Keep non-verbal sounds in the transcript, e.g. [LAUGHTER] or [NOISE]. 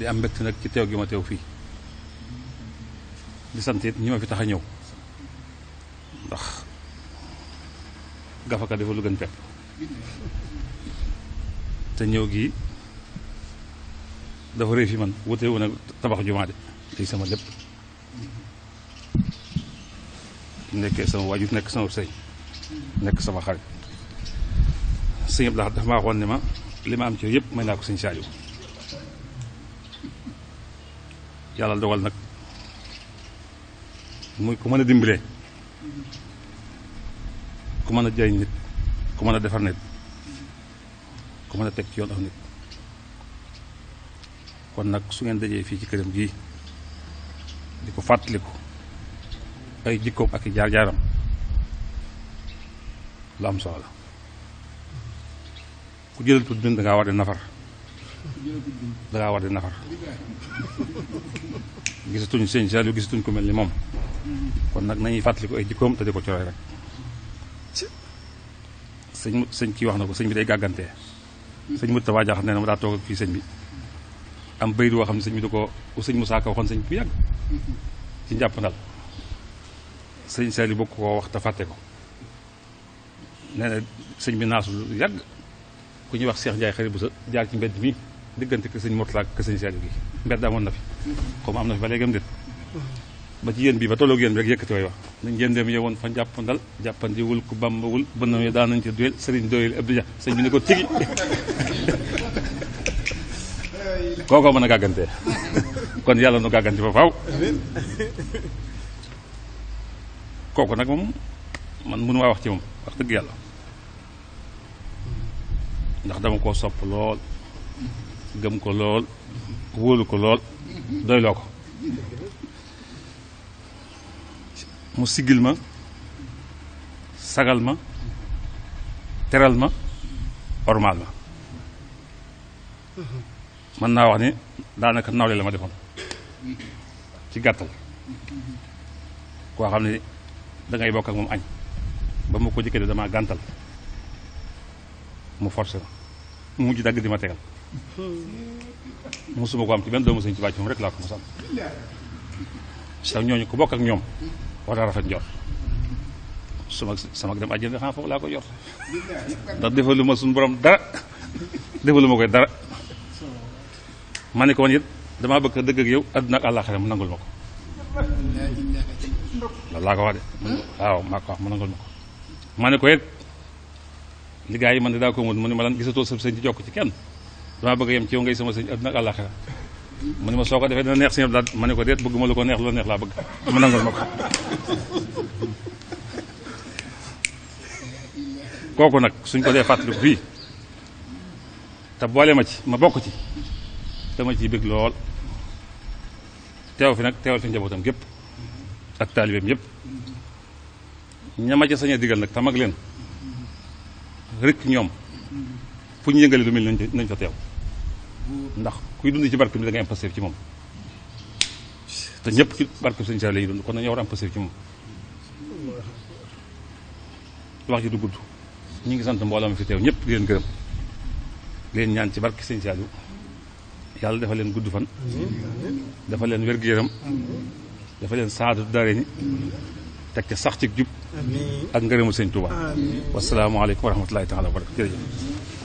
di am mbégte nag ci teew gi ma teew fii di sant it ñi ma fi tax a ñëw ndax gafaka dafa gën pepp te ñëw gi dafa réy fi man wute wu nag tabax jumaa de tey sama lépp nekkee sama waajur nekk sama sëñ nekk sama xarit sëñ Abdou Lahad dafa maa waxoon ne ma li ma am ci yëpp may naa ko sëñ Saliou yàlla dogal nag muy ku mën a dimbile ku mën a jëriñ nit ku mën a defar nit ku mën a teg ci yoon ak nit kon nag su ngeen dajee fii ci këram gii di ko fàttaliku ay jikkoom ak i jaar-jaaram la am solo ku jëlal tudd da ngaa war di nafar dangaa war di nafar gisatuñ sëñ Saliou gisatuñ ko mel ni moom kon nag nañuy fàttali ko ay jikkoom te di ko coroy rek sëñ sëñ kii wax na ko sëñ bi day gàggantee sëñ Moussa Waa na ma daa toog ak fii sëñ bi am bayit woo xam ne sëñ bi da ko sëñ Moussa Ka waxoon sëñ bi bu yàgg ci njàppandal sëñ Saliou bokk koo wax te fàtte ko nee sëñ bi naasul yàgg ku ñuy wax seex Ndiaye xarit bu sa jaar ci mbedd mi diggante ke seigne murtlak ke seigne saja gi mbedd amon na fi comme am na fi ba dit ba ci yeen bi ba tolo yeen rek yëkëti way wax dañ yeen dem yewon fa jappandal jappandi wul ku bamba wul ñu ya nañ ci duel serigne doyel abdou dia bi ne ko tigi [LAUGHS] koko mëna gaganté kon yalla nu gaganté fa faaw koko nak mom man mënu wax ci mom wax deug yalla ndax dama ko sopp lool gëm ko lool wóolu ko lool doyloo ko mu sigil ma sagal ma teral ma ormaal ma mën naa wax ni daanaka nawle la ma defoon ci gàttal koo xam ne dangay bokk moom añ ba ma ko jëkkee damaa gàntal mu forcé ma mu mujj dagg di ma tegal mosuma ko am ci benn doomu sëñ Tuubaa ci moom rek laa ko mos am ko bokk ak ñoom war rafet njort sama sama dem àjjana xam foofu laa ko jort ndax defalu ma suñu borom dara defalu ma koy dara ma ne ko man it damaa bëgg a dëgg ak yow àdduna ak àllaaxira mu nangul ma ko loolu laa ko wax de waaw maa ko wax mu nangul ma ko ma ne ko it liggéey yi man de daa ko mu ne ma gisatoo sa sëñ ci jokk ci kenn damaa bëgg yem ci yow ngay sama sëñ adduna ak àllaaxira mu ne ma soo ko defee dina neex sëñ Abdou Lahad ma ne ko déet bëgguma lu ko neex lu neex laa bëgg mu nangul ma ko kooku nag suñ ko dee fàttali fii te boole ma ci ma bokk ci dama ci bëgg lool teew fi nag teewal fi njabootam gépp ak taalibeem yépp ñama ca sañ a digal nag tam leen rek ñoom fu ñu yëngale lu mel nañ fa teew ndax kuy dund ci barke bi da am pastéef ci moom te ñëpp ci barke Sëñ Saaliw la ñuy dund kon dañoo war a ci moom wax ji du gudd ñu ngi sant mboola mi fi teew ñëpp di leen gërëm leen ñaan ci barke Sëñ Saaliw yàlla dafa leen gudd fan dafa leen wér gu dafa leen saadu dare ñi teg ca sax ci jub ak ngërëmu Sëñ Tuubaa wasalaamualeykum wa rahmatulahi taala wa barakatu jërëjëf